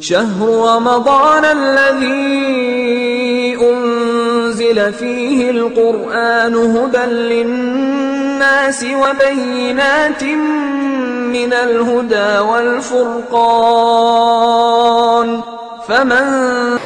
شهر رمضان الذي أنزل فيه القرآن هدى للناس وبينات من الهدى والفرقان فمن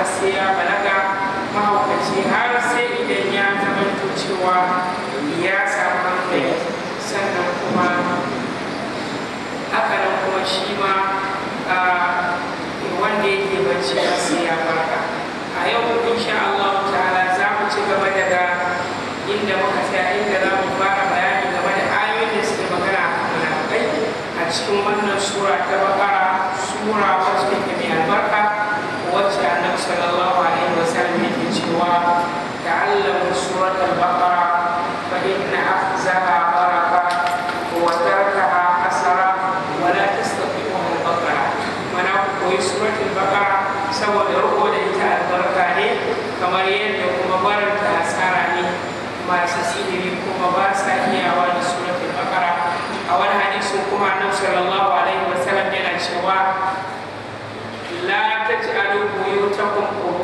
har ya balaga mahaukaci har sai idan ya zamanto cewa ya samu hankali sannan kuma nan kuma shi ma wanda yake bacci har sai ya balaga a yau insha Allah ta'ala za mu ci gaba daga inda muka sa inda za mu fara bayani game da ayoyin da suke magana a cikin wannan sura ta bakara sura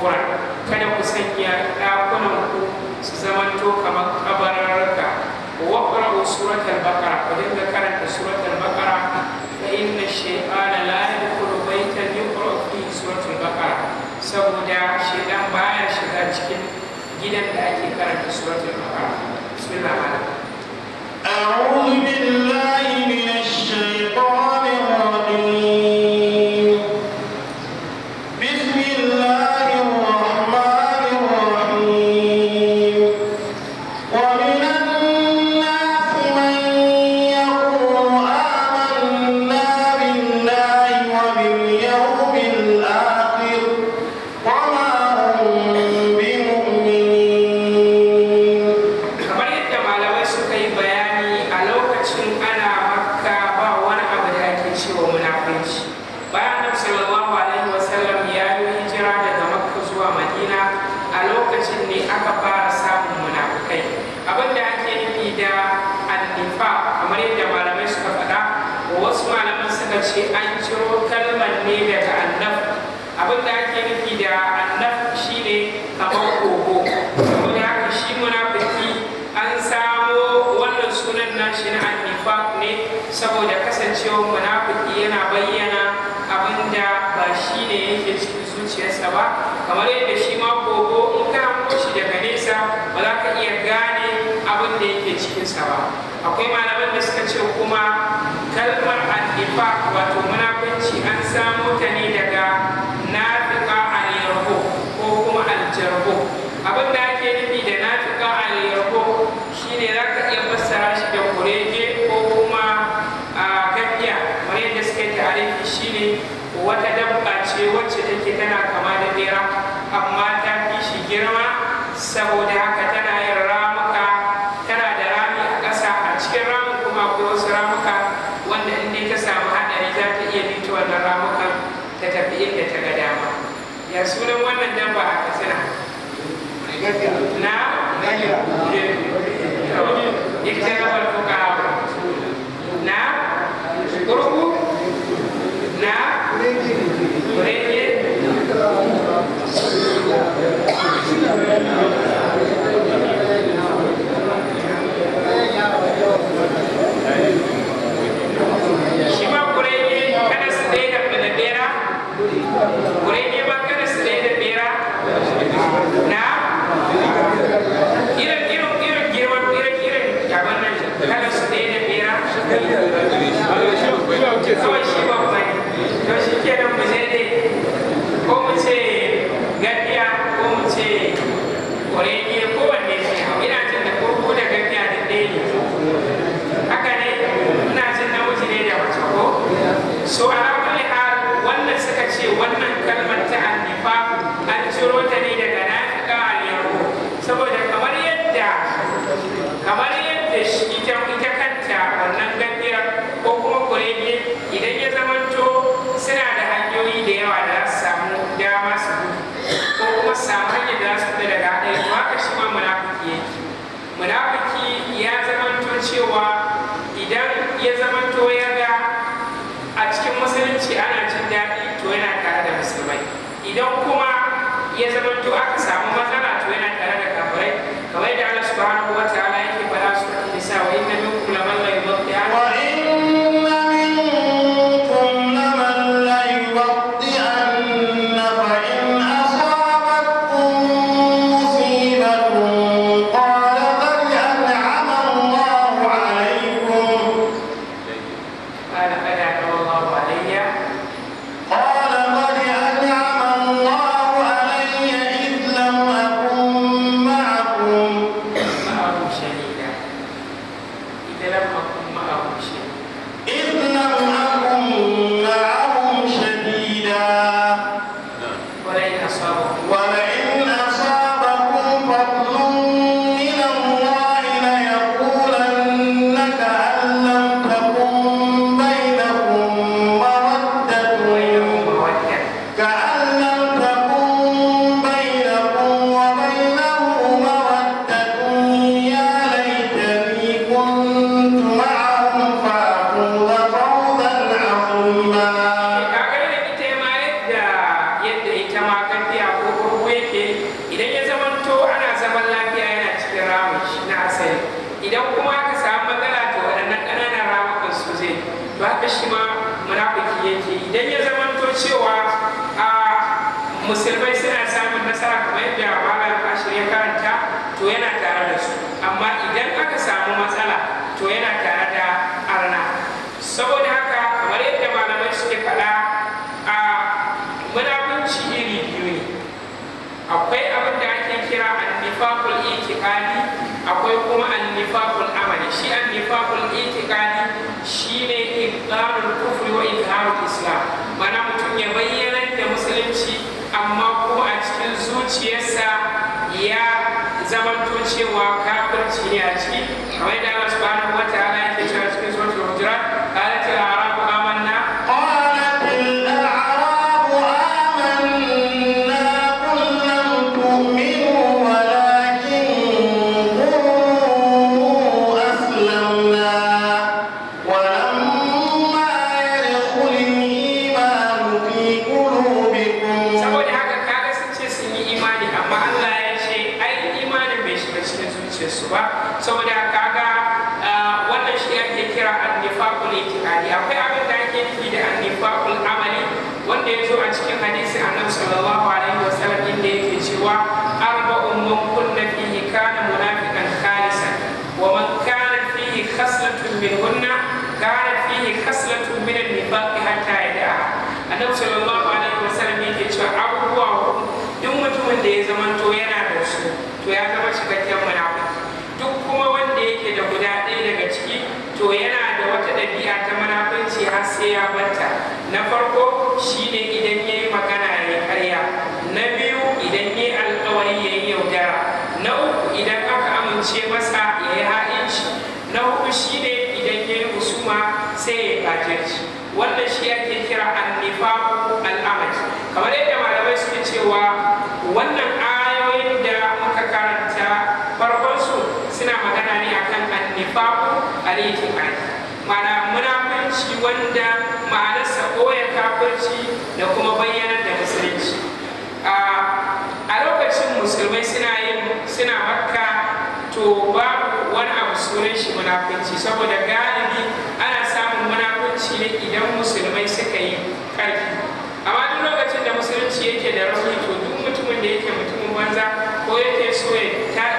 kubura kada ku sanya ɗakunan ku su zamanto kamar kabararka wa qra'u suratul baqara ku dinga karanta suratul baqara fa inna shaytana la yadkhulu baytan yuqra'u fi suratul baqara saboda shaytan baya shiga cikin gidan da ake karanta suratul baqara ya sunan wannan dabba a katsina na ikhtirafa al-fuqaha na turku na kurege Wow. So it na farko shi ne idan ya yi magana ya karya na biyu idan ya yi alkawari ya yi yaudara na uku idan aka amince masa ya yi ha'inci na hudu ne idan ya yi husuma sai ya kajirci Wanda shi ake kira annifaku al'amali kamar yadda malamai suke cewa wannan ayoyin da muka karanta farkonsu suna magana ne akan annifaku al'itikadi mana munafunci wanda ma'anarsa kafirci da kuma bayyanar da musulunci a lokacin musulmai suna yin suna makka to babu wani abu sunan shi munafunci saboda galibi ana samun munafunci ne idan musulmai suka yi karfi amma duk lokacin da musulunci yake da rauni to duk mutumin da yake mutumin banza ko yake so ya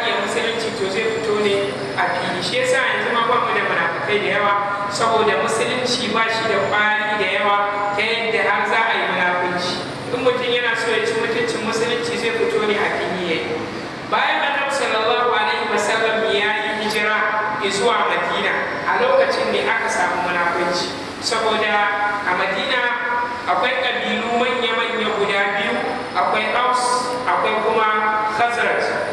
iya musulunci to zai fito ne a fili shi yasa yanzu ma ba mu da munafukai da yawa saboda musulunci ba shi da kwari da yawa a lokacin ne aka samu munafunci saboda a madina akwai ƙabilu manya-manya guda biyu akwai aus akwai kuma khazraj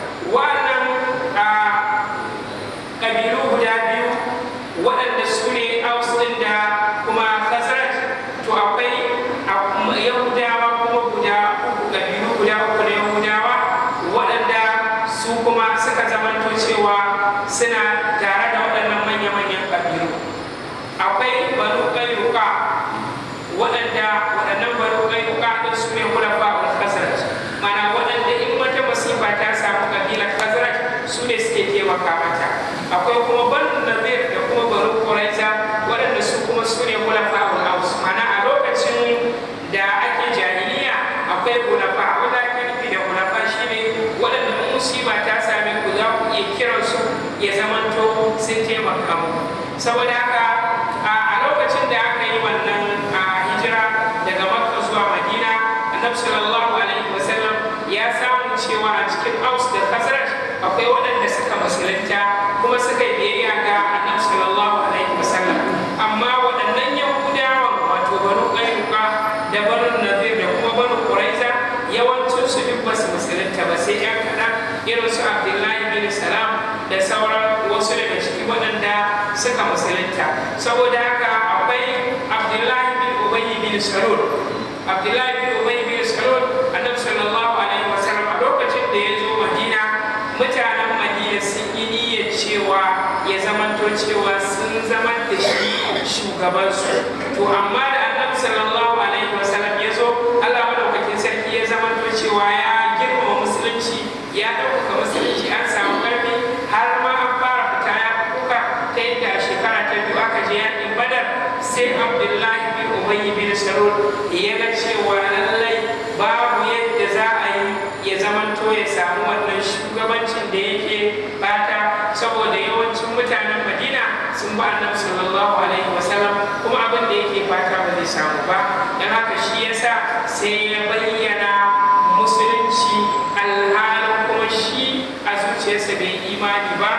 Salul Abdullahi bin Ubay bin Salul Annabi sallallahu alaihi wasallam a lokacin da ya zo Madina mutanen Madina sun yi niyyar cewa ya zamanto cewa sun zama da shi shugabansu to amma da Annabi sallallahu alaihi wasallam ya zo Allah madaukakin sarki ya zamanto cewa ya girmama musulunci ya ɗaukaka musulunci an samu ƙarfi har ma an fara fita ya kuka ta shekara ta biyu aka je yaƙin Badar sai Abdullahi ubay bin sarul ya ga cewa lallai babu yadda za a yi ya zamanto ya samu wannan shugabancin da yake bata saboda yawancin mutanen madina sun ba annabi sallallahu alaihi wasallam kuma abin da yake fata ba zai samu ba don haka shi yasa sai ya bayyana musulunci alhalin kuma shi a zuciyarsa bai imani ba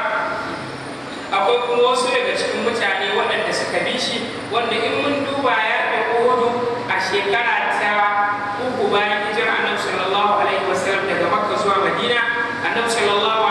akwai kuma wasu daga cikin mutane waɗanda suka bi shi wanda in mun duba ya kudu a shekara ta uku bayan hijira annabi sallallahu alaihi wasallam daga makka zuwa madina annabi sallallahu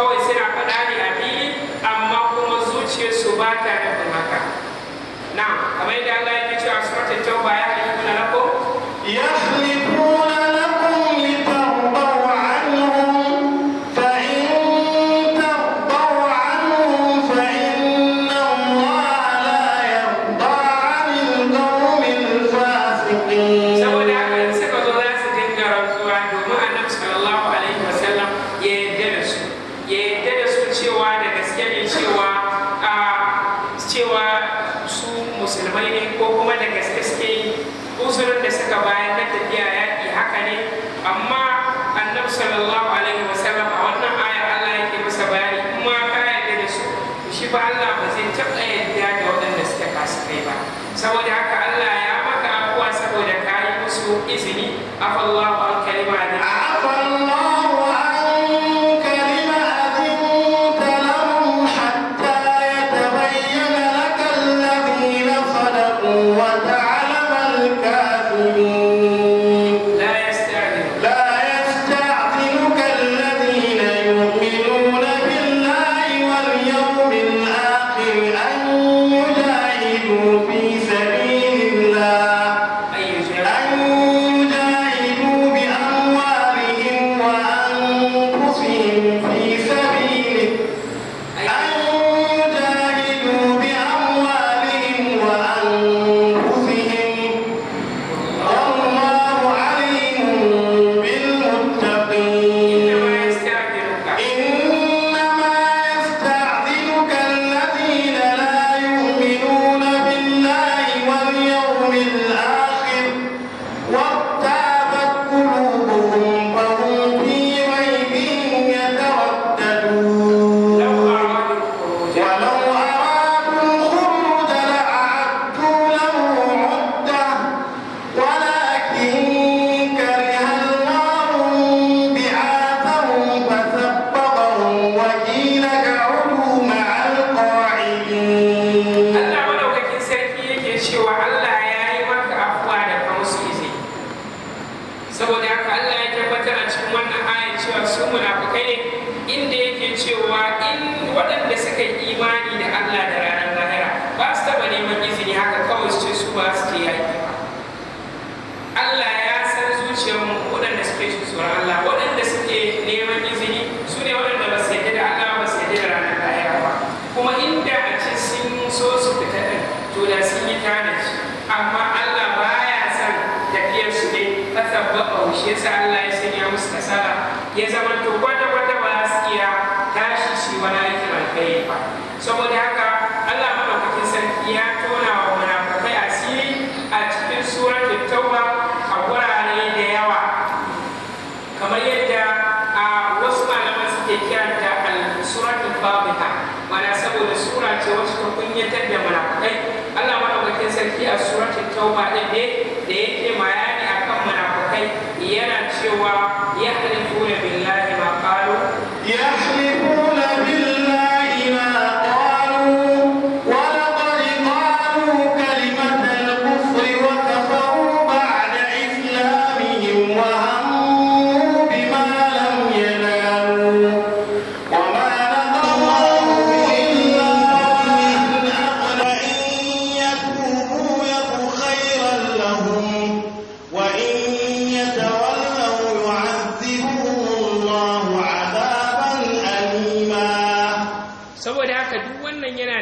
kawai suna faɗa ne a fili amma kuma zuciyarsu ba ta nufin haka na kamar yadda Allah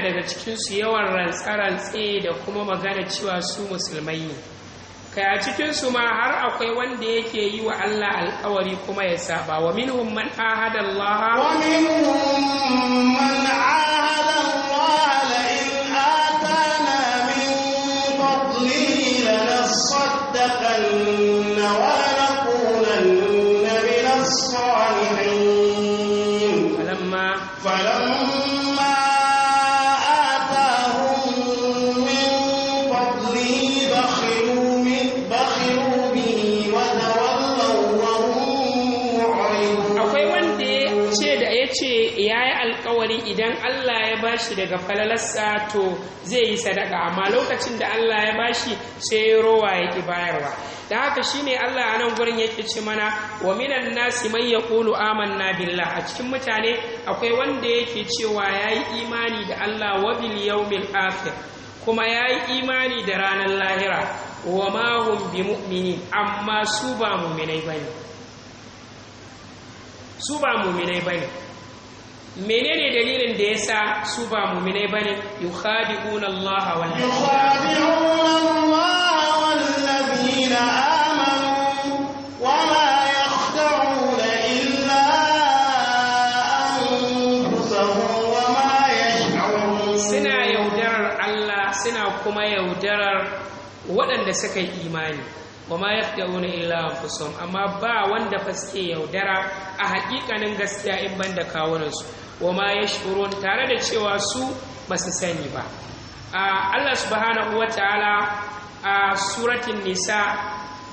daga cikinsu yawan rantsarantse da kuma magana cewa su musulmai ne kai a cikinsu ma har akwai wanda yake yi wa Allah alkawari kuma ya saba wa minhum man wa minhum man bashi daga falalarsa to zai yi sadaka amma lokacin da Allah ya bashi sai ya rowa ya ki bayarwa da haka shine Allah a nan gurin yake ce mana wa minan nasi man yaqulu amanna billah a cikin mutane akwai wanda yake cewa yayi imani da Allah wa bil yawmil akhir kuma yayi imani da ranar lahira wa ma hum bi mu'mini amma su ba mu'minai bane su ba mu'minai bane menene dalilin da yasa su ba mu'minai bane yukhadi'una Allah wal yukhadi'una Allah wal ladina amanu wa ma yakhda'una illa anfusahum wa ma yash'urun suna yaudarar Allah suna kuma yaudarar waɗanda suka yi imani wa ma yakhda'una illa anfusahum amma ba wanda fa suke yaudara a haƙiƙanin gaskiya in banda kawunansu wa ma yashurun tare da cewa su ba su sani ba Allah subhanahu wa ta'ala a suratin nisa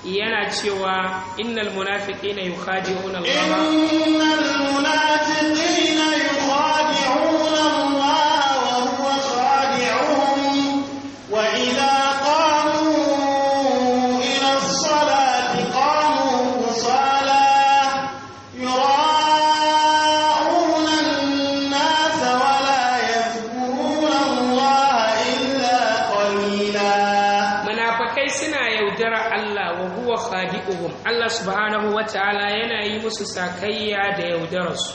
yana cewa innal munafiqina yukhadi'una Allah innal munafiqina yukhadi'una sakayya da yaudararsu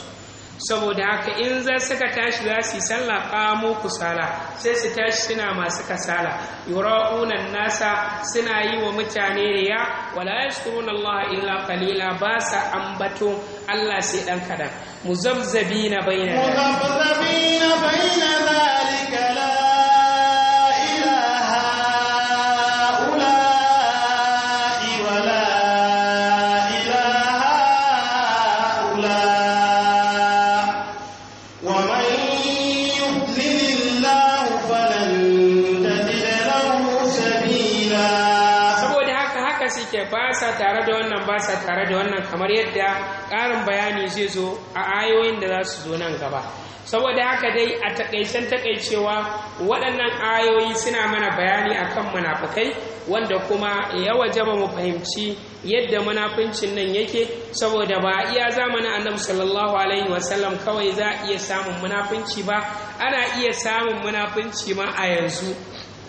saboda haka in za su ka tashi za su yi sallah kamo kusala sai su tashi suna masu kasala yura'unan nasa suna yi wa mutane riya wala yashkuruna Allah illa qalila ba sa ambato Allah sai dan kadan muzabzabina na muzabzabina bainana tare da wannan ba sa tare da wannan kamar yadda ƙarin bayani zai zo a ayoyin da za su zo nan gaba saboda haka dai a takaicen taƙaicewa waɗannan ayoyi suna mana bayani a kan munafukai wanda kuma ya waje ba mu fahimci yadda munafuncin nan yake saboda ba a iya zamanin annabi sallallahu alaihi wasallam kawai za a iya samun munafunci ba ana iya samun munafunci ma a yanzu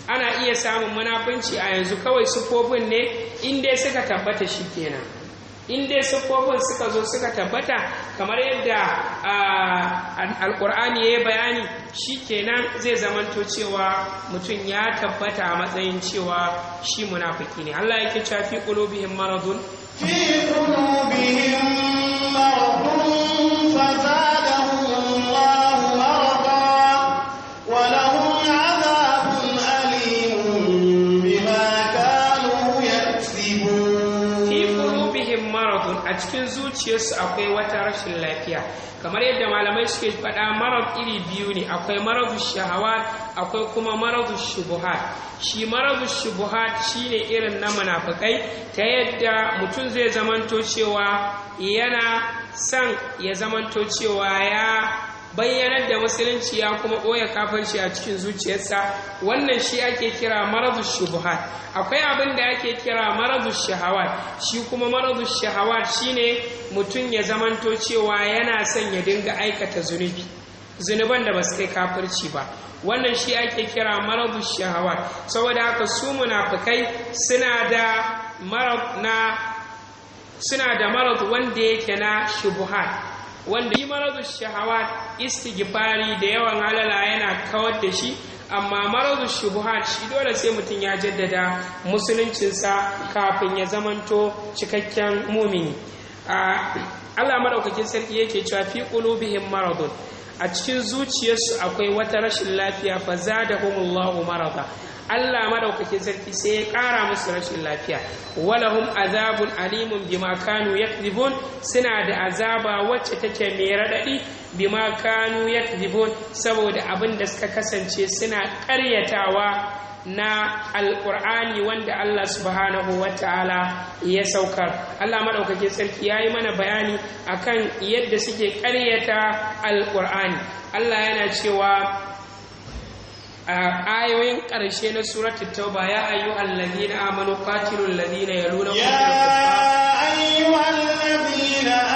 ana iya samun munafunci a yanzu kawai siffofin ne in dai suka tabbata shi kenan in dai siffofin suka zo suka tabbata kamar yadda alkur'ani ya yi bayani shi kenan zai zamanto cewa mutum ya tabbata a matsayin cewa shi munafiki ne allah ya cewa fi qulubihim maradun fi qulubihim maradun fata zuciyarsu akwai wata rashin lafiya kamar yadda malamai suke faɗa marar iri biyu ne akwai marar shahawa akwai kuma marar shubuhat shi marar shubuhat ne irin na munafukai ta yadda mutum zai zamanto cewa yana son ya zamanto cewa ya bayyanar da musulunci ya kuma ɓoye kafarci a cikin zuciyarsa wannan shi ake kira maradu shubuhat akwai abin da ake kira maradu shahawat shi kuma maradu shahawat shine mutum ya zamanto cewa yana son ya dinga aikata zunubi zunuban da ba su kai kafarci ba wannan shi ake kira maradu shahawat saboda haka su munafukai suna da marad suna da marad wanda yake na shubuhat wanda yi maradu shahawat istighfari da yawan halala yana kawar da shi amma maradu shubuhat shi dole sai mutum ya jaddada musuluncinsa kafin ya zamanto cikakken mumini Allah maɗaukakin sarki yake cewa fi qulubihim maradun a cikin zuciyarsu akwai wata rashin lafiya fa zadahumullahu marada Allah madaukakin sarki sai ya ƙara musu rashin lafiya walahum azabun alimun bima kanu yakdibun suna da azaba wacce take mai raɗaɗi bima kanu yakdibun saboda abin da suka kasance suna ƙaryatawa na alƙur'ani wanda Allah subhanahu wa ta'ala ya saukar Allah maɗaukakin sarki ya yi mana bayani akan yadda suke ƙaryata alƙur'ani Allah yana cewa a ayoyin ƙarshe na suratul tauba ya ayyuhal ladina amanu qatilul ladina yaluna ya ayyuhal ladina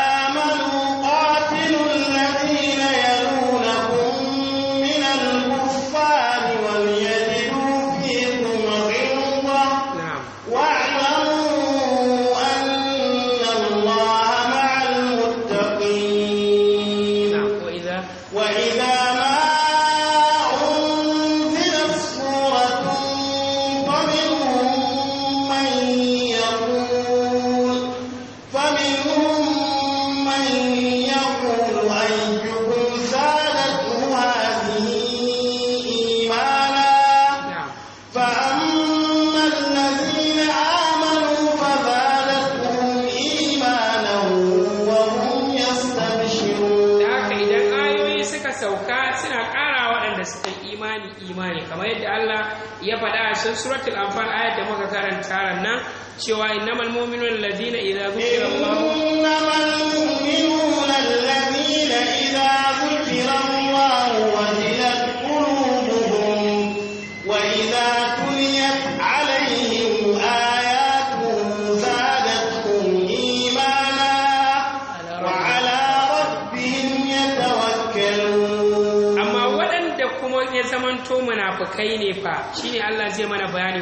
bayani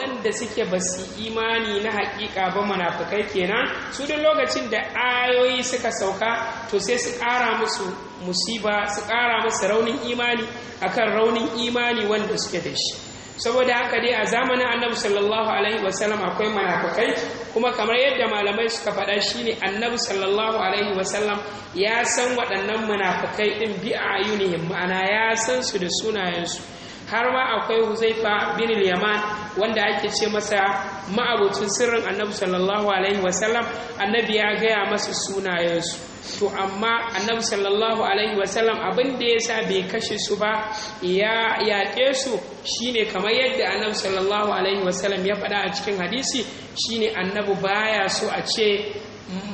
waɗanda suke ba su imani na haƙiƙa ba munafukai kenan su duk lokacin da ayoyi suka sauka to sai su ƙara musu musiba su ƙara musu raunin imani akan raunin imani wanda suke da shi saboda haka dai a zamanin annabi sallallahu alaihi wasallam akwai munafukai kuma kamar yadda malamai suka faɗa shine annabi sallallahu alaihi wasallam ya san waɗannan munafukai ɗin bi a ayunihim ma'ana ya san su da sunayensu har ma akwai huzaifa bin yaman wanda ake ce masa ma'abocin sirrin annabi sallallahu alaihi wasallam annabi ya gaya masa sunayensu to amma annabi sallallahu alaihi wasallam abin da ya sa bai kashe su ba ya yaƙe su shine kamar yadda annabi sallallahu alaihi wasallam ya faɗa a cikin hadisi shine annabi baya so a ce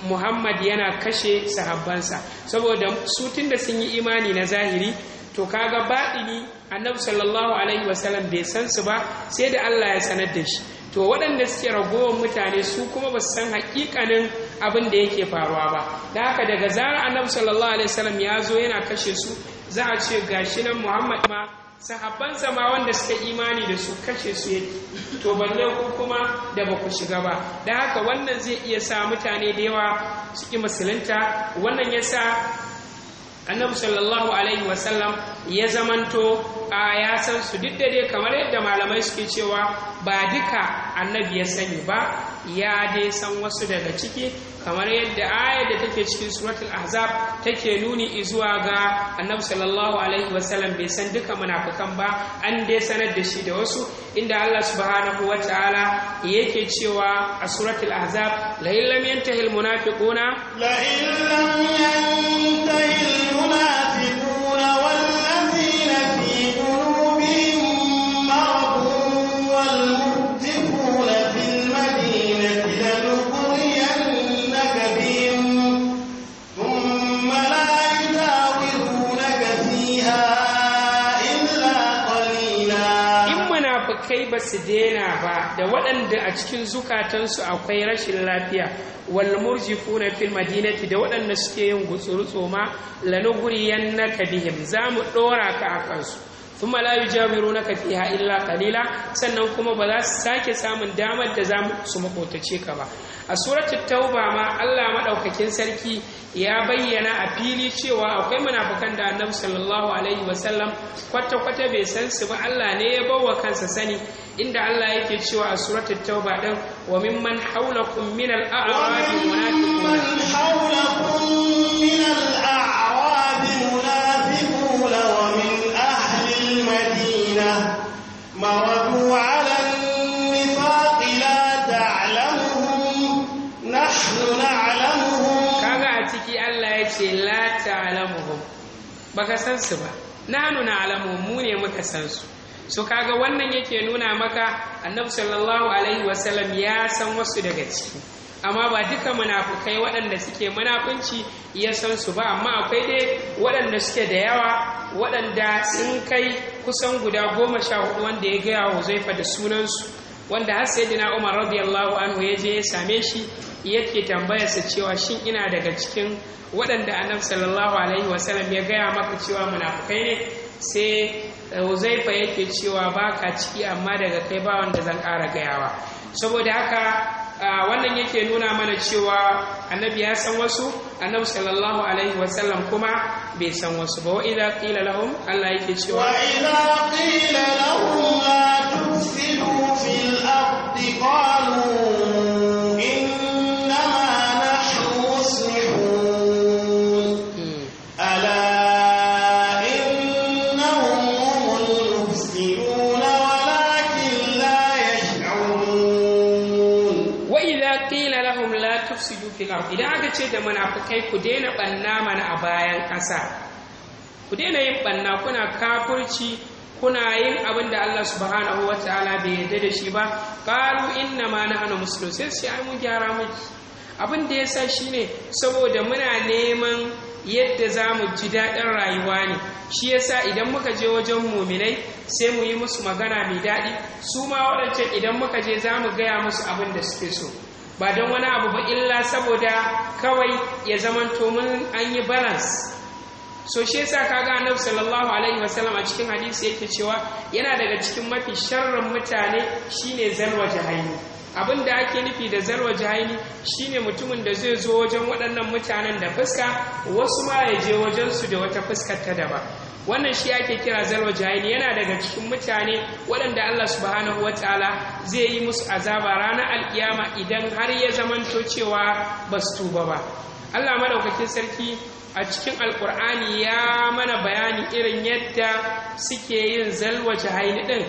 muhammad yana kashe sahabbansa saboda su da sun yi imani na zahiri to kaga baɗini annabi sallallahu alaihi wasallam bai san su ba sai da Allah ya sanar da shi to waɗanda suke ragowar mutane su kuma ba su san haƙiƙanin abin da yake faruwa ba da haka daga zarar annabi sallallahu alaihi wasallam ya zo yana kashe su za a ce gashi nan muhammad ma sahabbansa ma wanda suka imani da su kashe su yake to balle ku kuma da ba ku shiga ba da haka wannan zai iya sa mutane da yawa su musulunta wannan ya sa annabi sallallahu alaihi wasallam ya zamanto a ya san su duk da dai kamar yadda malamai suke cewa ba duka annabi ya sani ba ya dai san wasu daga ciki kamar yadda ayar da take cikin suratul ahzab take nuni zuwa ga annabi sallallahu alaihi wasallam bai san duka munafikan ba an dai sanar da shi da wasu inda Allah subhanahu ta'ala yake cewa a suratul ahzab la illam yantahi almunafiquna la illam yantahi da waɗanda a cikin zukatansu akwai rashin lafiya wal na fil madinati da waɗanda suke yin gutsuru tsoma yan naka bihim za mu ɗora ka a kansu layu jamiru na fiha illa kalila sannan kuma ba za su sake samun damar da za su makotace ka ba a suratul tauba ma Allah maɗaukakin sarki ya bayyana a fili cewa akwai munafukan da annabi sallallahu alaihi wasallam kwata kwata bai san su ba Allah ne ya bawa kansa sani inda Allah yake cewa a suratul tauba din wa mimman hawlakum min al-a'rab مردوا على النفاق لا تعلمهم نحن نعلمهم كما أتكي الله يتي لا تعلمهم baka san su ba na nuna alamu mu ne muka san su so kaga wannan yake nuna maka annabi sallallahu alaihi wasallam ya san wasu daga ciki amma ba duka munafukai waɗanda suke munafunci ya san su ba amma akwai dai waɗanda suke da yawa waɗanda sun kai kusan guda goma sha hudu wanda ya gaya wa zaifa da sunansu wanda har sai dina umar radiyallahu anhu ya je ya same shi yake tambayarsa cewa shin ina daga cikin waɗanda annabi sallallahu alaihi wasallam ya gaya maka cewa munafukai ne sai huzaifa yake cewa baka ciki amma daga kai ba wanda zan ƙara gayawa saboda haka Ah, wannan yake nuna mana cewa annabi ya san wasu annabi sallallahu alaihi wasallam kuma bai san wasu ba wa idza qila lahum Allah yake cewa wa idza qila lahum la tufsidu fil ardi qalu da munafukai ku daina ɓanna mana a bayan ƙasa ku daina yin ɓanna kuna kafurci kuna yin abin da Allah subhanahu wa ta'ala bai yarda da shi ba qalu inna ma nahnu muslimun sai sai ai mun gyara miki abin da yasa shine saboda muna neman yadda za mu ji daɗin rayuwa ne shi yasa idan muka je wajen muminai sai mu yi musu magana mai daɗi su ma waɗancan idan muka je za mu gaya musu abin da suke so ba don wani abu ba illa saboda kawai ya zamanto mun an yi balance so shi yasa kaga annabi sallallahu alaihi wasallam a cikin hadisi yake cewa yana daga cikin mafi sharrin mutane shine zalwa jahaini abin da ake nufi da zalwa shi shine mutumin da zai zo wajen waɗannan mutanen da fuska wasu ma ya je wajen su da wata fuskar ta daban wannan shi ake kira zalwa jahili yana daga cikin mutane waɗanda Allah subhanahu ta'ala zai yi musu azaba ranar alkiyama idan har ya zamanto cewa ba su tuba ba Allah madaukakin sarki a cikin alkur'ani ya mana bayani irin yadda suke yin zalwa jahili din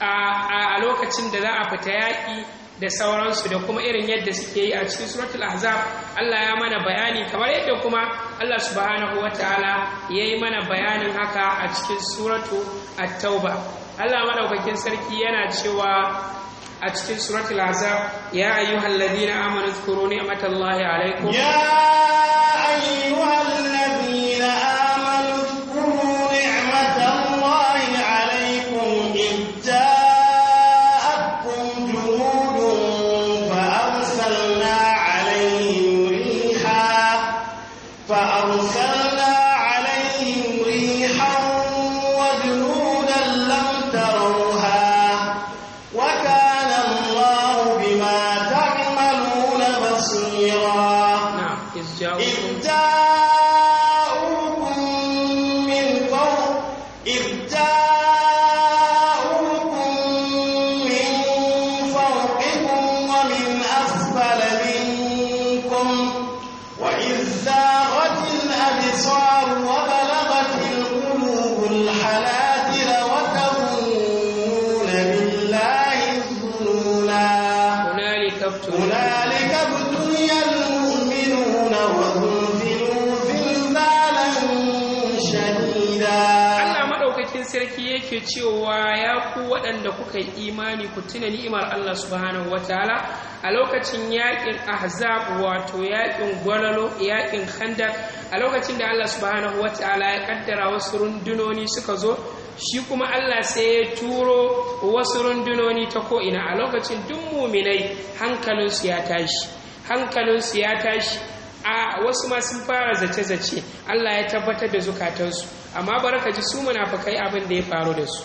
a lokacin da za a fita yaƙi da sauransu da kuma irin yadda suke yi a cikin suratul ahzab Allah ya mana bayani kamar yadda kuma Allah subhanahu Ta'ala ya yi mana bayanin haka a cikin suratu at-tauba Allah madaukakin sarki yana cewa a cikin suratul ahzab ya ayyuhal amanu zkuruni ni'matallahi alaikum ya kuka imani ku tuna ni'imar Allah subhanahu wataala a lokacin yakin ahzab wato yakin gwalalo yakin handa a lokacin da Allah subhanahu wataala ya kaddara wasu rundunoni suka zo shi kuma Allah sai ya turo wasu rundunoni ta ko'ina a lokacin duk muminai su ya tashi hankalin su ya tashi a wasu ma sun fara zace-zace Allah ya tabbatar da zukatansu amma baraka ji su munafikai abin da ya faru da su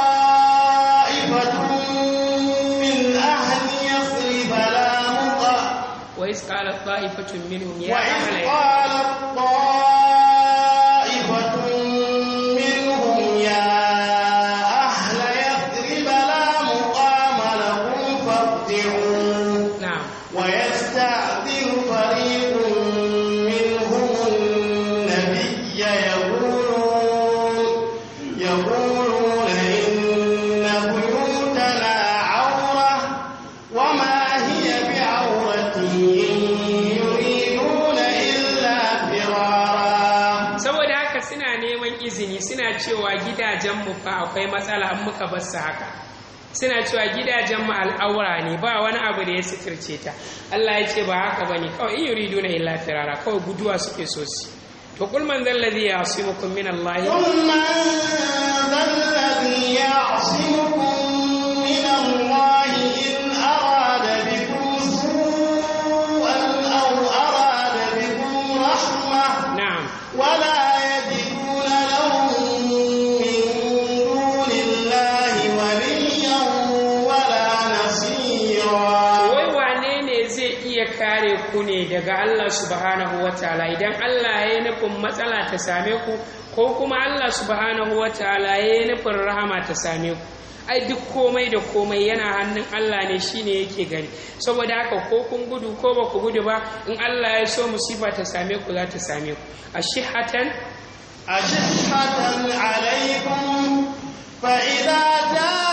وإذ قالت طائفة منهم يا أهل قالت طائفة akwai matsala an muka bar su haka suna cewa gidajen mu al'aura ne ba wani abu da ya sitirce ta Allah ya ce ba haka ba ne kawai in yuridu na illa firara kawai guduwa suke so su to kul man zal ladhi ya'simukum min kul man subhanahu wataala idan Allah ya nufin matsala ta same ku ko kuma Allah subhanahu wataala ya nufin rahama ta same ku ai duk komai da komai yana hannun Allah ne shine yake gani saboda haka ko kun gudu ko ba ku gudu ba in Allah ya so musifa ta same ku za ta same ku ashihatan ashihatan alaikun fa'ida ta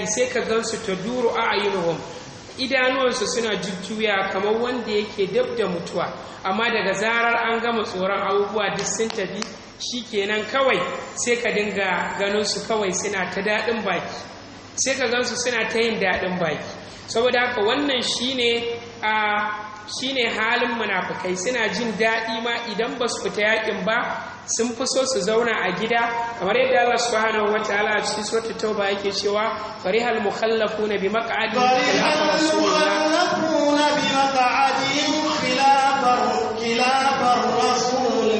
yaƙi sai ka gansu ta duru a ayyunuhum idanuwansu suna jujjuya kamar wanda yake dab da mutuwa amma daga zarar an gama tsoron abubuwa duk sun tafi shi kenan kawai sai ka dinga ganin su kawai suna ta daɗin baki sai ka gansu suna ta yin daɗin baki saboda haka wannan shine a halin munafukai suna jin daɗi ma idan ba su fita yaƙin ba sun fi so su zauna a gida kamar yadda Allah subhanahu wataala a cikin suratul tauba yake cewa farihal mukhallafuna bi maq'adi farihal mukhallafuna bi maq'adihim khilafar khilafar rasul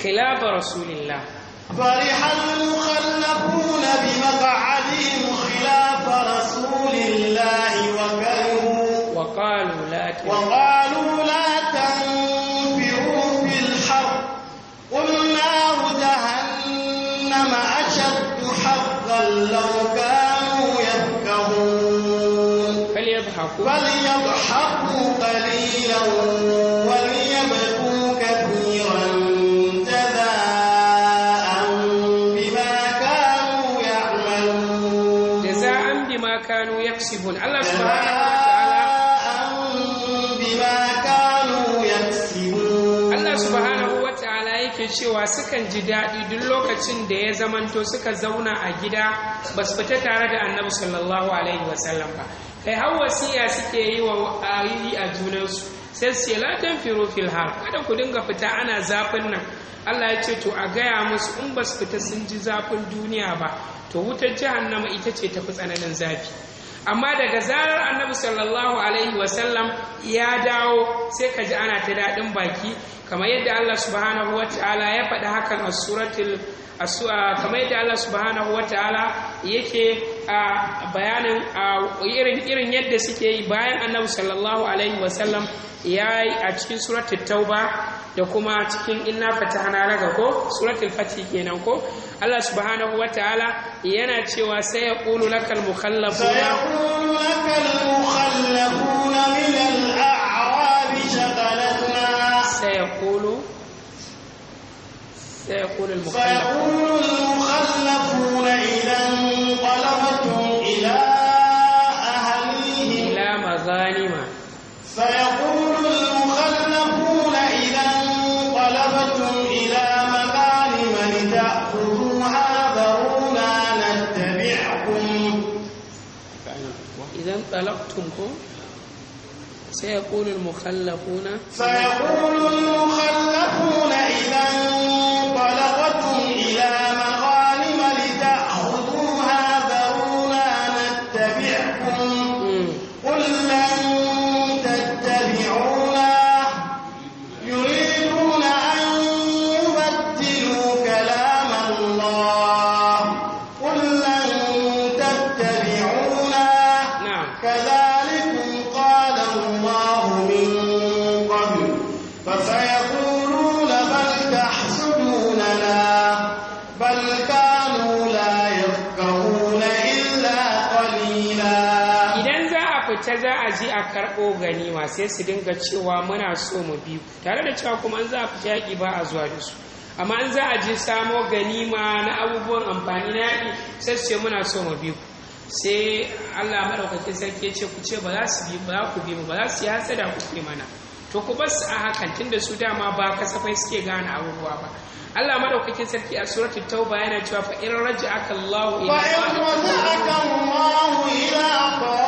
khilafar rasulillah farihal mukhallafuna bi maq'adihim khilafar rasulillah wa qalu wa qalu la لو كانوا يفقهون فليضحكوا فليضحكوا قليلا وليبكوا كثيرا جزاء بما كانوا يعملون جزاء بما كانوا يكسبون الله سبحانه وتعالى بما ke cewa sukan ji daɗi duk lokacin da ya zamanto suka zauna a gida ba su fita tare da annabi sallallahu alaihi wasallam ba kai har wasiya suke yi wa ayi a junansu sai su ce latin tanfiru kada ku dinga fita ana zafin nan Allah ya ce to a gaya musu in ba su fita sun ji zafin duniya ba to wutar jihar nama ita ce tafi tsananin zafi amma daga zarar annabi sallallahu alaihi wasallam ya dawo sai ka ji ana ta daɗin baki kamar yadda allah subhanahu wa ta'ala ya faɗi hakan a suratul kamar yadda Allah subhanahu ta'ala yake a bayanin irin irin yadda suke yi bayan annabi sallallahu alaihi wasallam ya yi a cikin suratul tauba da kuma cikin inna fatahana laka ko suratul fatih kenan ko Allah subhanahu ta'ala yana cewa sai ya qulu sai ya sayaqulu سيقول المخلفون إذا انقلبتم إلى أهليهم إلى مغانم سيقول المخلفون إذا انقلبتم إلى مغانم لتأخذوها ذرونا نتبعكم إذا انطلقتم سيقول المخلفون سيقول المخلفون إذا ji a karɓo ganima sai su dinga cewa muna so mu biyu tare da cewa kuma an za a fita yaƙi ba a zuwa da su amma an za a ji samo ganima na abubuwan amfani na yaƙi sai su ce muna so mu biyu sai allah maɗaukakin sarki ya ce ku ce ba za su bi ba ku bi mu ba za su yi hasada ku ke mana to ku bar su a hakan tunda su dama ba kasafai suke gane abubuwa ba Allah madaukakin sarki a suratul tauba yana cewa fa in raja'aka Allahu ila fa in raja'aka Allahu ila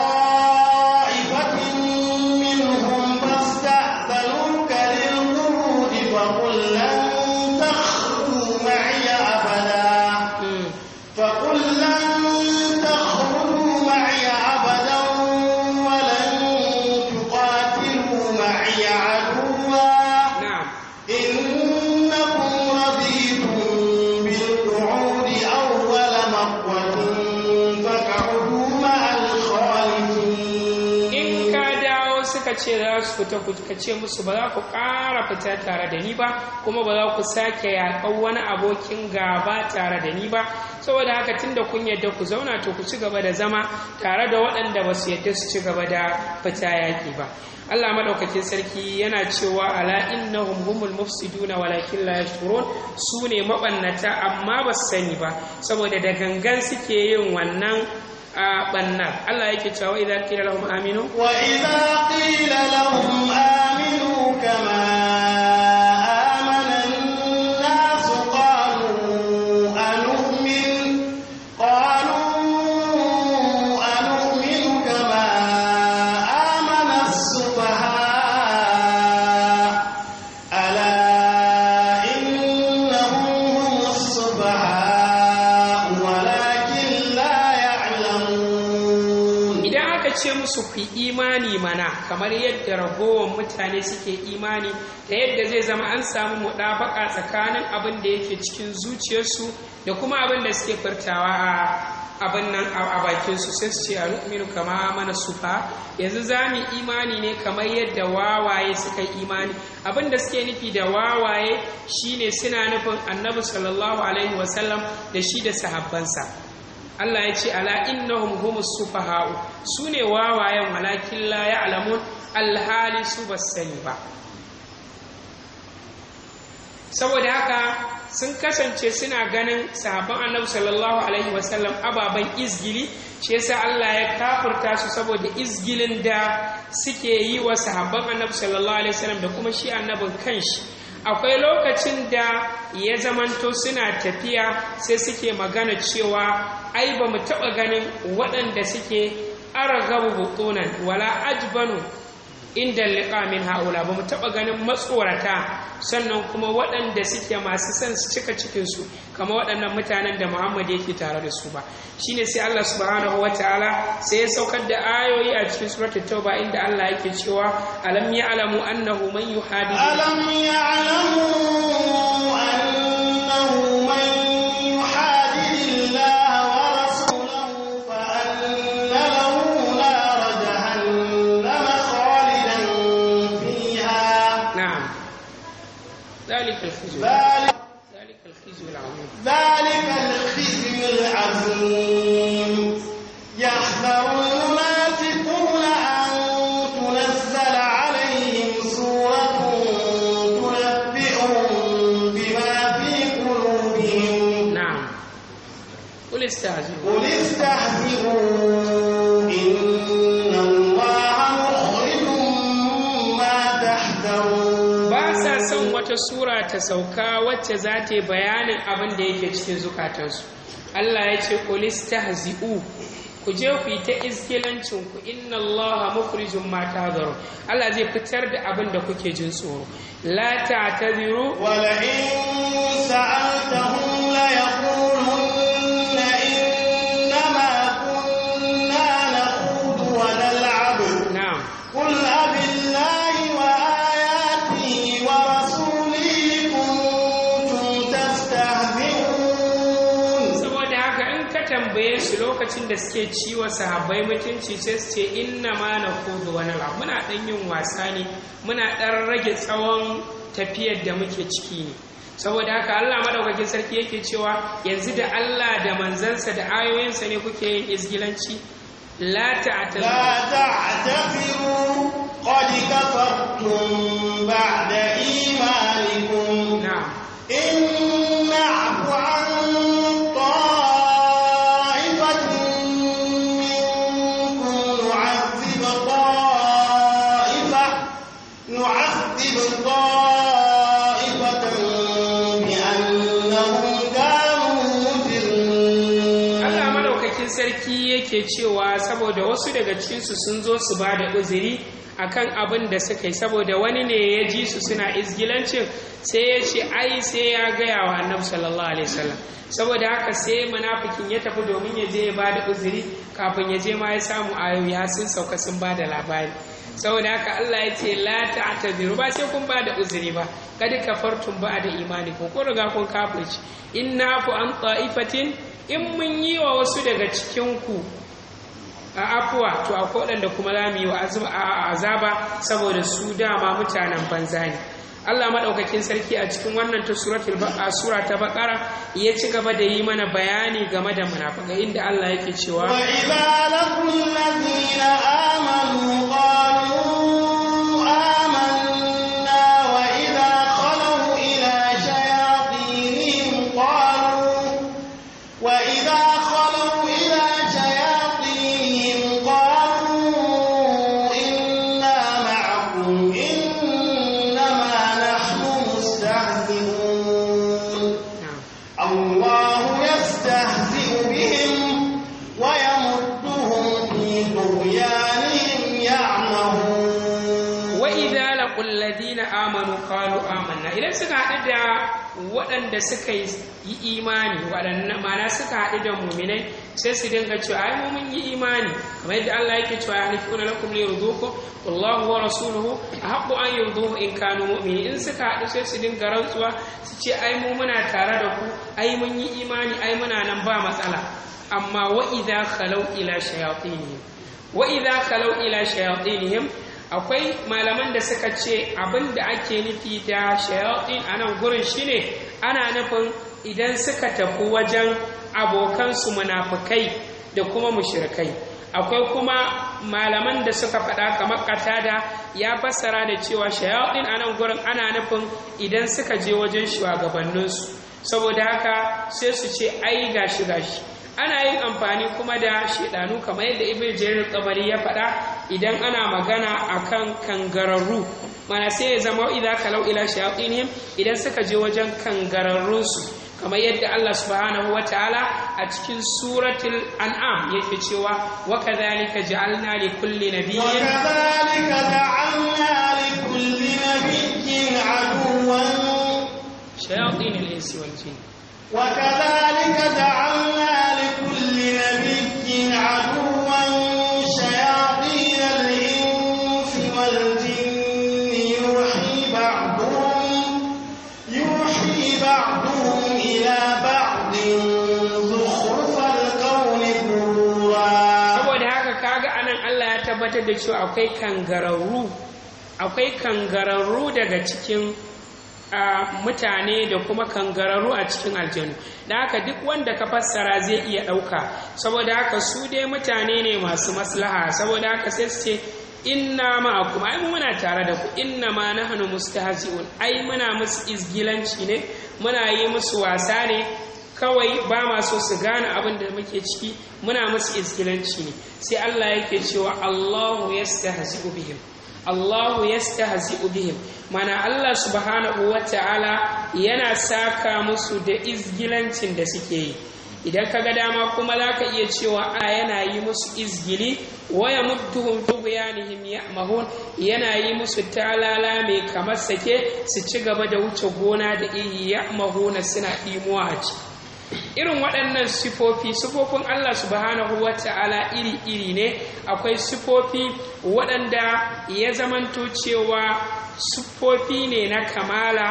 su fita ka ce musu ba za ku ƙara fita tare da ni ba kuma ba za ku sake yaƙar wani abokin gaba tare da ni ba saboda haka tun da kun yadda ku zauna to ku ci gaba da zama tare da waɗanda ba su yadda su ci gaba da fita yaƙi ba Allah madaukakin sarki yana cewa ala innahum humul mufsiduna walakin la yashurun su ne mabannata amma ba su sani ba saboda da gangan suke yin wannan a banna Allah yake cewa idza qila lahum aminu wa idza qila lahum aminu kama ki imani mana kamar yadda ragowar mutane suke imani da yadda zai zama an samu muɗabaƙa tsakanin abin da yake cikin zuciyarsu da kuma abin da suke furtawa a abin nan a bakinsu, su sai su ce a rukminu kama mana sufa yanzu za mu imani ne kamar yadda wawaye suka imani abin da suke nufi da wawaye shine suna nufin annabi sallallahu alaihi wasallam da shi da sahabbansa Allah ya ce ala innahum humus sufaha'u sune wawayen walakin la ya'lamun alhali su ba sani ba saboda haka sun kasance suna ganin sahabban annabi sallallahu alaihi wasallam ababen izgili shi yasa Allah ya kafurta su saboda izgilin da suke yi wa sahabban annabi sallallahu alaihi wasallam da kuma shi annabin kanshi akwai lokacin da ya zamanto suna tafiya sai suke magana cewa ai ba mu taɓa ganin waɗanda suke ara butunan wala ajbanu inda liƙa min haula ba mu taɓa ganin matsorata sannan kuma waɗanda suke masu son su cika cikinsu kama waɗannan mutanen da muhammad yake tare da su ba Shi ne sai allah subhanahu wa ta'ala sai ya saukar da ayoyi a cikin suratul tauba inda allah yake cewa alam alamu annahu man yuhadidu alam ya'lamu ذلك الخزي العظيم ذلك الخزي العظيم يحذر المنافقون أن تنزل عليهم سورة تنبئهم بما في قلوبهم نعم قل استعجلوا sura ta sauka wacce za ta yi bayanin abin da yake cikin zukatansu Allah ya ce qulistahzi'u ku je ku yi ta iskilancin ku inna allaha mata ma zaro, Allah zai fitar da abin da kuke jin tsoro la ta wa la in sa'altahum lokacin da suke ciwa sahabbai mutunci sai su ce inna ma na kudu wani la muna ɗan yin wasa ne muna ɗan rage tsawon tafiyar da muke ciki ne saboda haka Allah madaukakin sarki yake cewa yanzu da Allah da manzansa da ayoyinsa ne kuke yin izgilanci la ta'tadiru la ne cewa saboda wasu daga cikinsu sun zo su ba da uzuri kan abin da suka yi saboda wani ne ya ji su suna izgilancin sai ya ce ai sai ya gaya wa annabi sallallahu alaihi wasallam saboda haka sai munafikin ya tafi domin ya je ya ba da uzuri kafin ya je ma ya samu ayo ya sun sauka sun ba da labari saboda haka Allah ya ce la ta'tabiru ba sai kun ba da uzuri ba ka fartun ba da imani ko ko riga kun kafirci inna fu an ta'ifatin in mun yi wa wasu daga cikin ku a afuwa to akwai da kuma za mu yi wa azaba saboda su dama mutanen banza ne Allah maɗaukakin sarki a cikin wannan ta sura ta baƙara, ya ci gaba da yi mana bayani game da munafukai inda Allah yake cewa wa idza lakum amanu suka yi imani waɗannan mana suka haɗu da muminai sai su dinga cewa ai mun yi imani kamar yadda Allah yake cewa ya nufi una lakum li yurduku wallahu wa rasuluhu haqqu an yurduhu in kanu mu'minin in suka haɗu sai su dinga rantsuwa su ce ai mu muna tare da ku ai mun yi imani ai muna nan ba matsala amma wa idza khalau ila shayatinihim wa idza khalau ila shayatinihim akwai malaman da suka ce abinda ake nufi da shayatin a nan gurin shine ana nufin idan suka tafi wajen abokansu munafukai da kuma mushirkai akwai kuma malaman da suka faɗa kamar katada ya fassara da cewa shayaɗin a nan gurin ana nufin idan suka je wajen shugabanninsu saboda haka sai su ce ai gashi gashi ana yin amfani kuma da shaidanu kamar yadda ibn jerin kabari ya faɗa idan ana magana akan kangararru mana sai ya zama idan aka lau ila shayatinihim idan suka je wajen kangararrunsu kamar yadda Allah subhanahu wa ta'ala a cikin suratul an'am yake cewa wa kadhalika ja'alna li kulli nabiyyin wa kadhalika ja'alna li kulli nabiyyin aduwwan shayatinil insi wal jin wa kadhalika ja'alna tabbatar da cewa akwai kangararru akwai kangararru daga cikin mutane da kuma kangararru a cikin aljanu da haka duk wanda ka fassara zai iya ɗauka saboda haka su dai mutane ne masu maslaha saboda haka sai su ce inna ai muna tare da ku inna ma nahnu mustahzi'un ai muna musu izgilanci ne muna yi musu wasa ne kawai ba ma so su gane abin da muke ciki muna musu izgilanci ne sai Allah yake cewa Allahu yastahzi'u bihim Allahu yastahzi'u bihim mana Allah subhanahu wata'ala yana saka musu da izgilancin da suke yi idan ka ga dama kuma za ka iya cewa a yana yi musu izgili waya mudduhum ya mahun yana yi musu talala mai kamar sake su ci gaba da wuce gona da iri ya'mahuna suna imuwa a ciki irin waɗannan sifofi sifofin Allah subhanahu wa ta'ala iri-iri ne akwai sifofi waɗanda ya zamanto cewa sifofi ne na kamala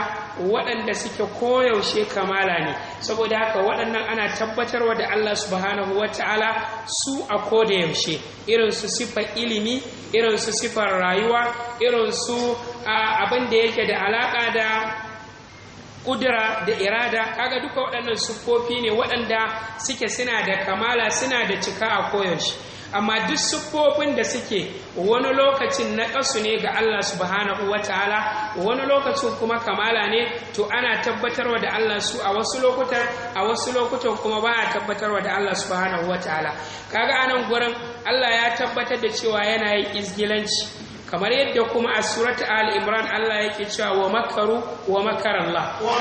waɗanda suke koyaushe kamala ne saboda haka waɗannan ana tabbatarwa da Allah subhanahu wa ta'ala su a koda yaushe irin su sifar ilimi irin su sifar rayuwa irin su abin da yake da alaƙa da kudura da irada kaga duka waɗannan siffofi ne waɗanda suke suna da kamala suna da cika a koyaushe amma duk siffofin da suke wani lokacin na ƙasu ne ga Allah subhanahu wa ta'ala wani lokacin kuma kamala ne to ana tabbatarwa da Allah su a wasu lokutan a wasu lokutan kuma ba a tabbatarwa da Allah subhanahu wa ta'ala kaga anan gurin Allah ya tabbatar da cewa yana yin izgilanci kamar yadda kuma a surat al imran Allah yake cewa wa makaru wa makaran wa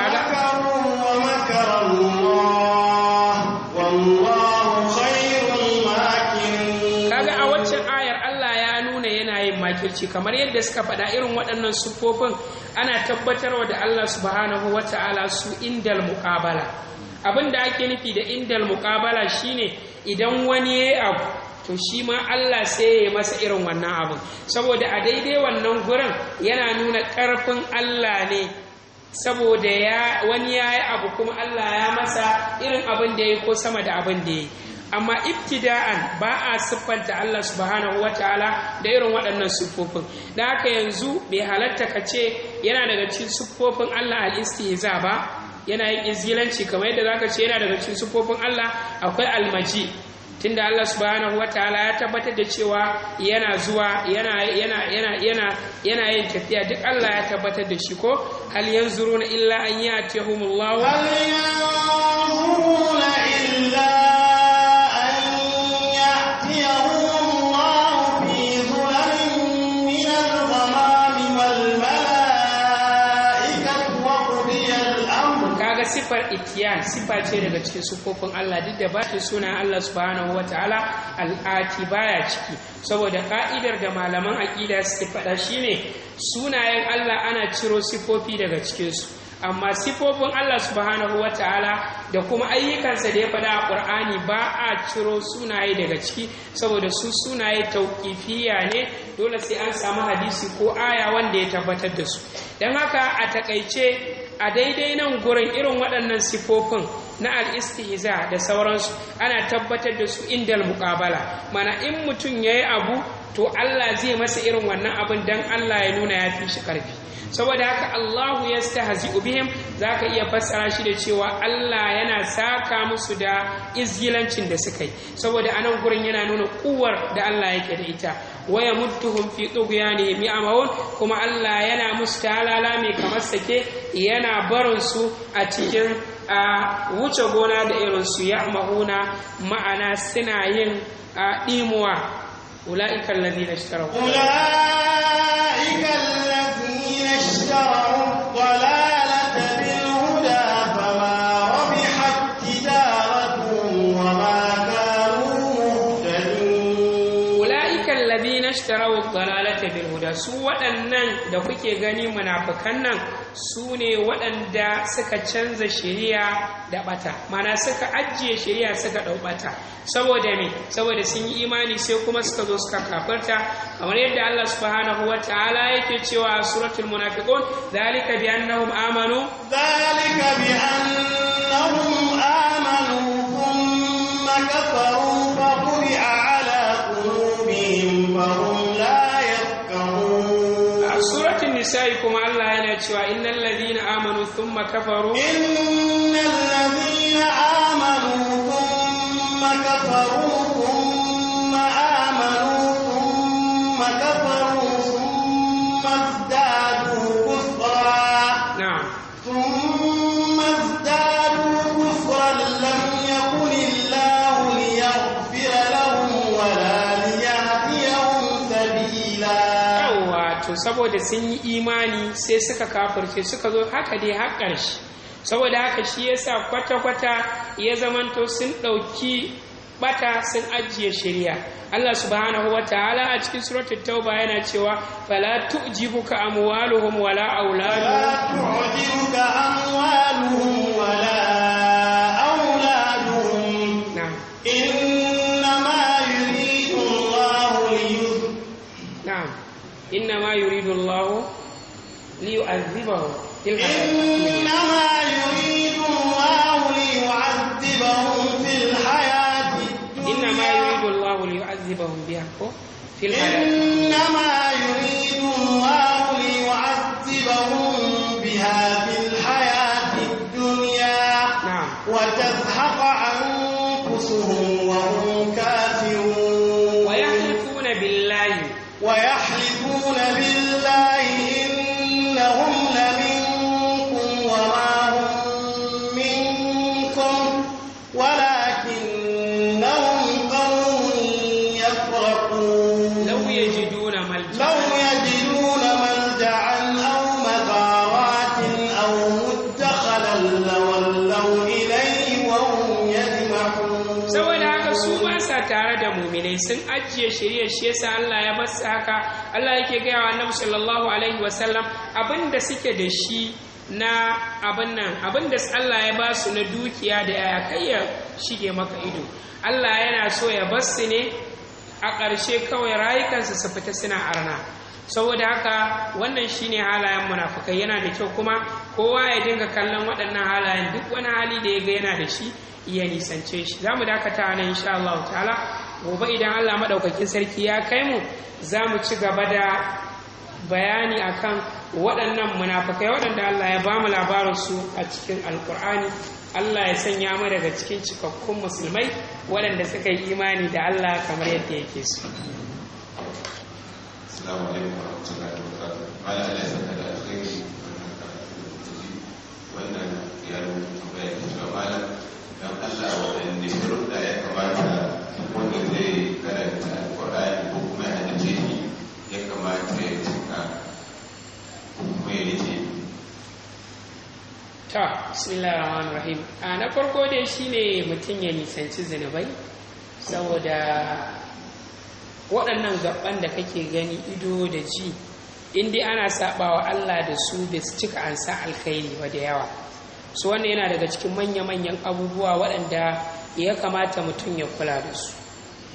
kaga a waccan ayar Allah ya nuna yana yin makirci kamar yadda suka faɗa irin waɗannan sufofin ana tabbatarwa da Allah subhanahu Ta'ala su indal muƙabala. abin da ake nufi da indal muƙabala shine idan wani ya abu to shi ma Allah sai ya masa irin wannan abin saboda a daidai wannan gurin yana nuna ƙarfin Allah ne saboda ya wani ya yi abu kuma Allah ya masa irin abin da ya yi ko sama da abin da ya yi amma ibtida'an ba a siffanta Allah subhanahu ta'ala da irin waɗannan siffofin da haka yanzu bai halatta ka ce yana daga cikin siffofin Allah al-istihza ba yana yin izgilanci kamar yadda zaka ce yana daga cikin siffofin Allah akwai almaji tunda Allah subhanahu ta'ala ya tabbatar da cewa yana zuwa yana yin tafiya duk Allah ya tabbatar da shi ko hal yanzuruna illa an yatihumullahu hal yanzuruna illa kaga sifar itiyan sifa ce daga cikin sufofin Allah duk da ba ta suna Allah subhanahu wataala al'ati baya ciki saboda ka'idar da malaman aƙida suke faɗa shine sunayen Allah ana ciro sifofi daga cikin su amma sifofin Allah subhanahu wataala da kuma ayyukansa da ya faɗa a ƙur'ani ba a ciro sunaye daga ciki saboda su sunaye tauƙifiya ne dole sai an samu hadisi ko aya wanda ya tabbatar da su don haka a takaice a daidai nan gurin irin waɗannan sifofin na al'istiza da sauransu ana tabbatar da su indal muƙabala mana in mutum ya yi abu to Allah zai masa irin wannan abin don Allah ya nuna ya fi shi ƙarfi saboda haka Allahu ya stahazi ubihim ka iya fassara shi da cewa Allah yana saka musu da izgilancin da suka yi saboda anan gurin yana nuna kuwar da Allah yake da ita waya yamudduhum fi mi ya'mahun kuma Allah yana musu mai kamar sake yana barin su a cikin a wuce gona da irin su mahuna ma'ana suna yin a dimuwa ulaika na ishtaraw ulaika alladhina ishtaraw su waɗannan da kuke gani munafukan nan su ne waɗanda suka canza shari'a da ɓata mana suka ajiye shari'a suka ɗau ɓata saboda me saboda sun yi imani sai kuma suka zo suka kafarta kamar yadda Allah subhanahu wa ta'ala yake cewa a suratul munafiqun zalika bi annahum amanu zalika bi annahum amanu kuma kafaru نسائكم الله هنا تشوا إن الذين آمنوا ثم كفروا إن الذين آمنوا ثم كفروا ثم آمنوا ثم كفروا saboda sun yi imani sai suka kafirce suka zo haka dai haƙar shi saboda haka shi ya sa kwata-kwata ya zamanto sun ɗauki bata sun ajiye shari'a Allah subhanahu wa ta'ala a cikin suratul tauba yana cewa fala tu'jibuka amwaluhum wala auladuhum fala tu'jibuka amwaluhum wala ليعذبه في الحياة إنما يريد الله ليعذبهم في الحياة الدنيا إنما يريد الله ليعذبهم بها في الحياة إنما shirye shi yasa Allah ya basu haka Allah yake gaya wa Annabi sallallahu alaihi sallam abinda suke da shi na abin nan abinda Allah ya basu na dukiya da yaya kai ya shige maka ido Allah yana so ya basu ne a ƙarshe kawai rayukansu su fita suna arna saboda haka wannan shine halayen munafukai yana da kyau kuma kowa ya dinga kallon waɗannan halayen duk wani hali da ya ga yana da shi iya nisance shi za mu dakata nan insha Allah ta'ala gobe idan allah maɗaukakin sarki ya kai mu za mu ci gaba da bayani akan waɗannan munafukai waɗanda allah ya ba mu labarinsu a cikin alkur'ani allah ya sanya mu daga cikin cikakkun musulmai waɗanda suka yi imani da allah kamar yadda yake su. Assalamu alaikum ta bismillah rahim a na farko dai shine mutum ya nisanci zinubai saboda waɗannan gaban da kake gani ido da ji in dai ana saɓawa allah da su da su cika ansa alkhairi ba da yawa su wannan yana daga cikin manya-manyan abubuwa waɗanda ya kamata mutum ya kula da su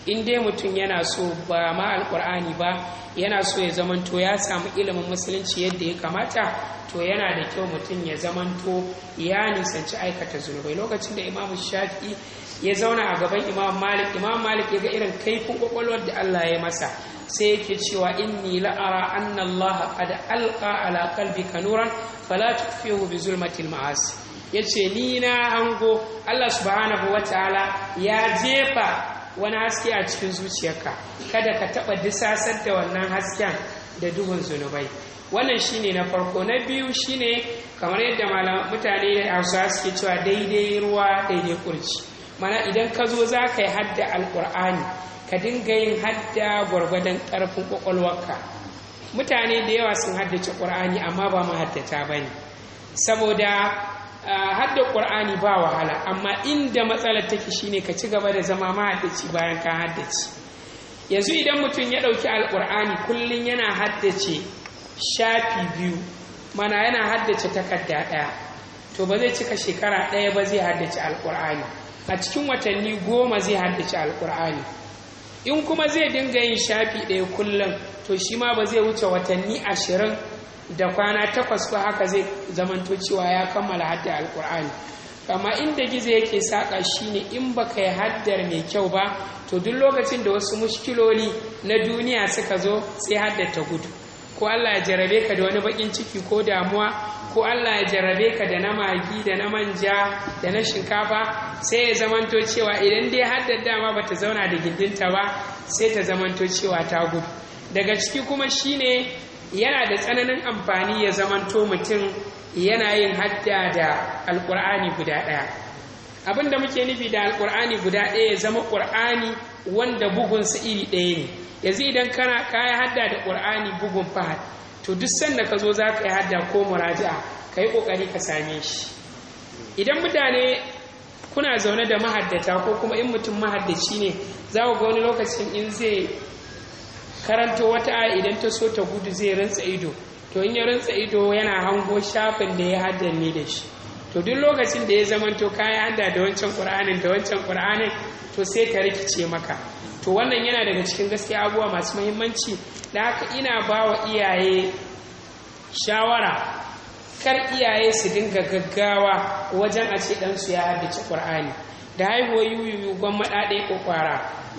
in dai mutum yana so ba ma alkur'ani ba yana so ya zamanto ya samu ilimin musulunci yadda ya kamata to yana da kyau mutum ya zamanto ya nisanci aikata zunubai lokacin da imamu shafi'i ya zauna a gaban imam malik imam malik ya ga irin kaifin kwakwalwar da allah ya masa sai yake cewa inni la'ara anna allah qad alqa ala qalbika fala bi zulmatil ma'asi yace ni na hango allah subhanahu wataala ya jefa wani haske a cikin zuciyarka kada ka taɓa disasar da wannan hasken da duhun zunubai wannan shine na farko na biyu shine kamar yadda mutane da hausa suke cewa daidai ruwa daidai kurci mana idan ka zo za ka yi hadda alkur'ani ka dinga yin hadda gwargwadon ƙarfin kwakwalwarka mutane da yawa sun haddace ƙur'ani amma ba mahaddata ba ne saboda Ah, hadda ƙur'ani ba wahala amma inda matsalar take shine ka ci gaba da zama mahaddaci bayan ka haddace yanzu idan mutum ya ɗauki alƙur'ani kullum yana haddace shafi biyu mana yana haddace takarda ɗaya to ba zai cika shekara ɗaya ba zai haddace alƙur'ani a cikin watanni goma zai haddace alƙur'ani in kuma zai dinga yin shafi ɗaya kullum to shi ma ba zai wuce watanni ashirin da kwana takwas ko haka zai zamanto cewa ya kammala hadda alkur'ani kama inda gizo yake saƙa shine in baka yi haddar mai kyau ba to duk lokacin da wasu mushkiloli na duniya suka zo sai haddar ta gudu ko Allah ya jarabe ka da wani bakin ciki ko damuwa ko Allah ya jarabe ka da na magi da na manja da na shinkafa sai ya zamanto cewa idan dai haddar dama ba ta zauna da gindinta ba sai ta zamanto cewa ta gudu daga ciki kuma shine yana da tsananin amfani ya zamanto mutum yana yin hadda da alƙur'ani guda ɗaya abin da muke nufi da alƙur'ani guda ɗaya ya zama ƙur'ani wanda bugunsa iri ɗaya ne yanzu idan kana kayan hadda da ƙur'ani bugun fahad to duk sanda ka zo za ka yi hadda ko muraja'a ka yi ƙoƙari ka same shi idan mutane kuna zaune da mahaddata ko kuma in mutum mahaddaci ne za ku ga wani lokacin in zai karanto wata aya idan ta so ta gudu zai rantsa ido to in ya rantsa ido yana hango shafin da ya haddanne da shi to duk lokacin da ya zamanto kaya hada da wancan qur'anin da wancan qur'anin to sai ka rikice maka to wannan yana daga cikin gaskiya abubuwa masu muhimmanci da haka ina ba wa iyaye shawara kar iyaye su dinga gaggawa wajen a ce ɗansu ya haddace ƙur'ani da haihuwar yuyuyu gwamma ɗaɗe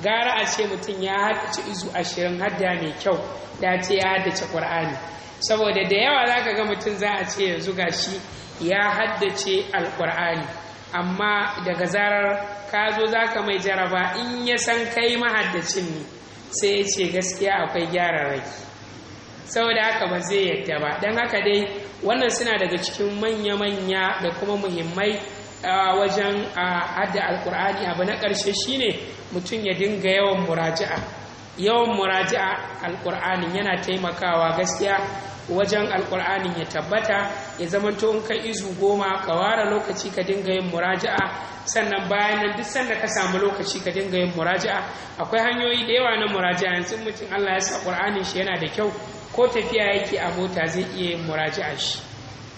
gara a ce mutum ya haddace izu ashirin hadda mai kyau da ce ya haddace Kur'ani, saboda da yawa za ka ga mutum za a ce yanzu shi ya haddace alƙur'ani amma daga zarar ka zo za ka mai jaraba in ya san kai mahaddacin ne sai ya ce gaskiya akwai gyara rai saboda haka ba zai yadda ba don haka dai wannan suna daga cikin manya-manya da kuma muhimmai wajen hadda alkur'ani abu na ƙarshe shine mutum ya dinga yawan muraji'a yawan muraji'a alkur'ani yana taimakawa gaskiya wajen alkur'ani ya tabbata ya zamanto in ka izu goma ka ware lokaci ka dinga yin muraji'a sannan bayan nan duk sanda ka samu lokaci ka dinga yin muraji'a akwai hanyoyi da yawa na muraji'a yanzu mutum Allah ya sa shi yana da kyau ko tafiya yake a mota zai iya yin muraji'a shi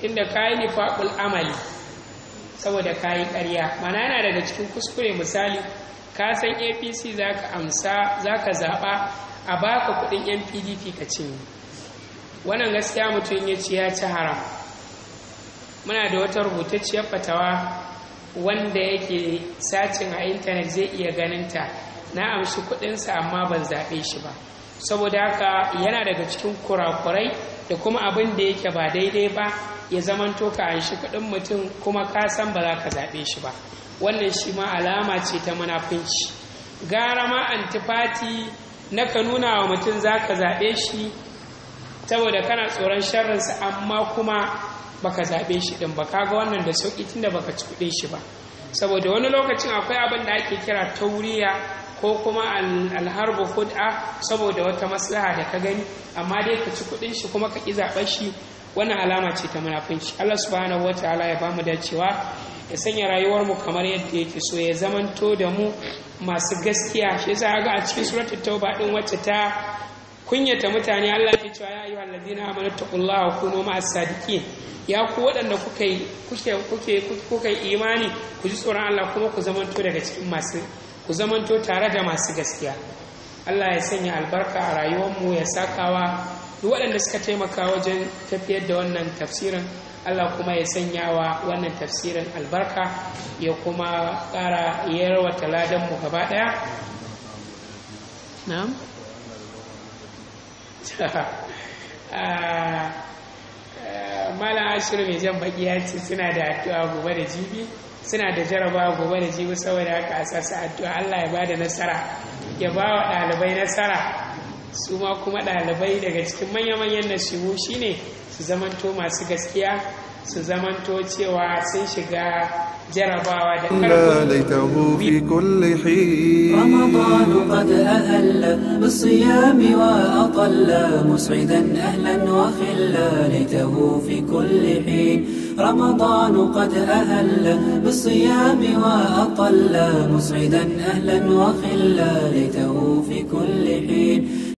tunda kayi nifaqul amali saboda kayi ƙarya mana yana daga cikin kuskure misali ka san apc za ka amsa za ka zaɓa a baka kuɗin yan pdp ka ce wannan gaskiya mutum ya ci ya ci haram muna da wata rubutacciyar fatawa wanda yake sacin a intanet zai iya ganinta na amshi kuɗinsa amma ban zaɓe shi ba saboda haka yana daga cikin kurakurai da kuma abin da yake ba daidai ba ya zamanto toka anshi shi kuɗin mutum kuma ka san ba za ka zaɓe shi ba wannan shi ma alama ce ta munafunci gara ma antifati na ka nuna wa mutum za ka zaɓe shi saboda kana tsoron sharrinsa amma kuma baka zaɓe shi ɗin ba ga wannan da sauƙi tunda baka ci kuɗin shi ba saboda wani lokacin akwai abin da ake kira tauriya ko kuma alharbu hud'a saboda wata maslaha da ka gani amma dai ka ci kuɗin shi kuma ka ki zaɓar shi wannan alama ce ta munafunci Allah subhanahu ta'ala ya bamu dacewa ya sanya rayuwar mu kamar yadda yake so ya zamanto da mu masu gaskiya shi yasa ga a cikin suratul tauba din wacce ta kunyata mutane Allah ya cewa ya ayyuhal ladina amanu taqullaha wa kunu ma'as sadiqin ya ku waɗanda kuka kuke kuke kuka imani ku ji tsoron Allah kuma ku zamanto daga cikin masu ku zamanto tare da masu gaskiya allah ya sanya albarka a rayuwarmu ya sakawa duk waɗanda suka taimaka wajen tafiyar da wannan tafsirin allah kuma ya sanya wa wannan tafsirin albarka ya kuma ƙara yarwata ladanmu gaba ɗaya na'am ah, ah, mala ashirin mai jan baki ya ce suna da addu'a gobe da jibi suna da jaraba gobe da jibi saboda haka a sassa addu'a Allah ya bada nasara ya ba wa ɗalibai nasara su ma kuma ɗalibai daga cikin manya-manyan nasibu shine su zamanto masu gaskiya su zamanto cewa sun shiga إلا ليته في كل حين رمضان قد أهل بالصيام وأطل مسعدا أهلا وخلا ليته في كل حين رمضان قد أهل بالصيام وأطل مسعدا أهلا وخلا ليته في كل حين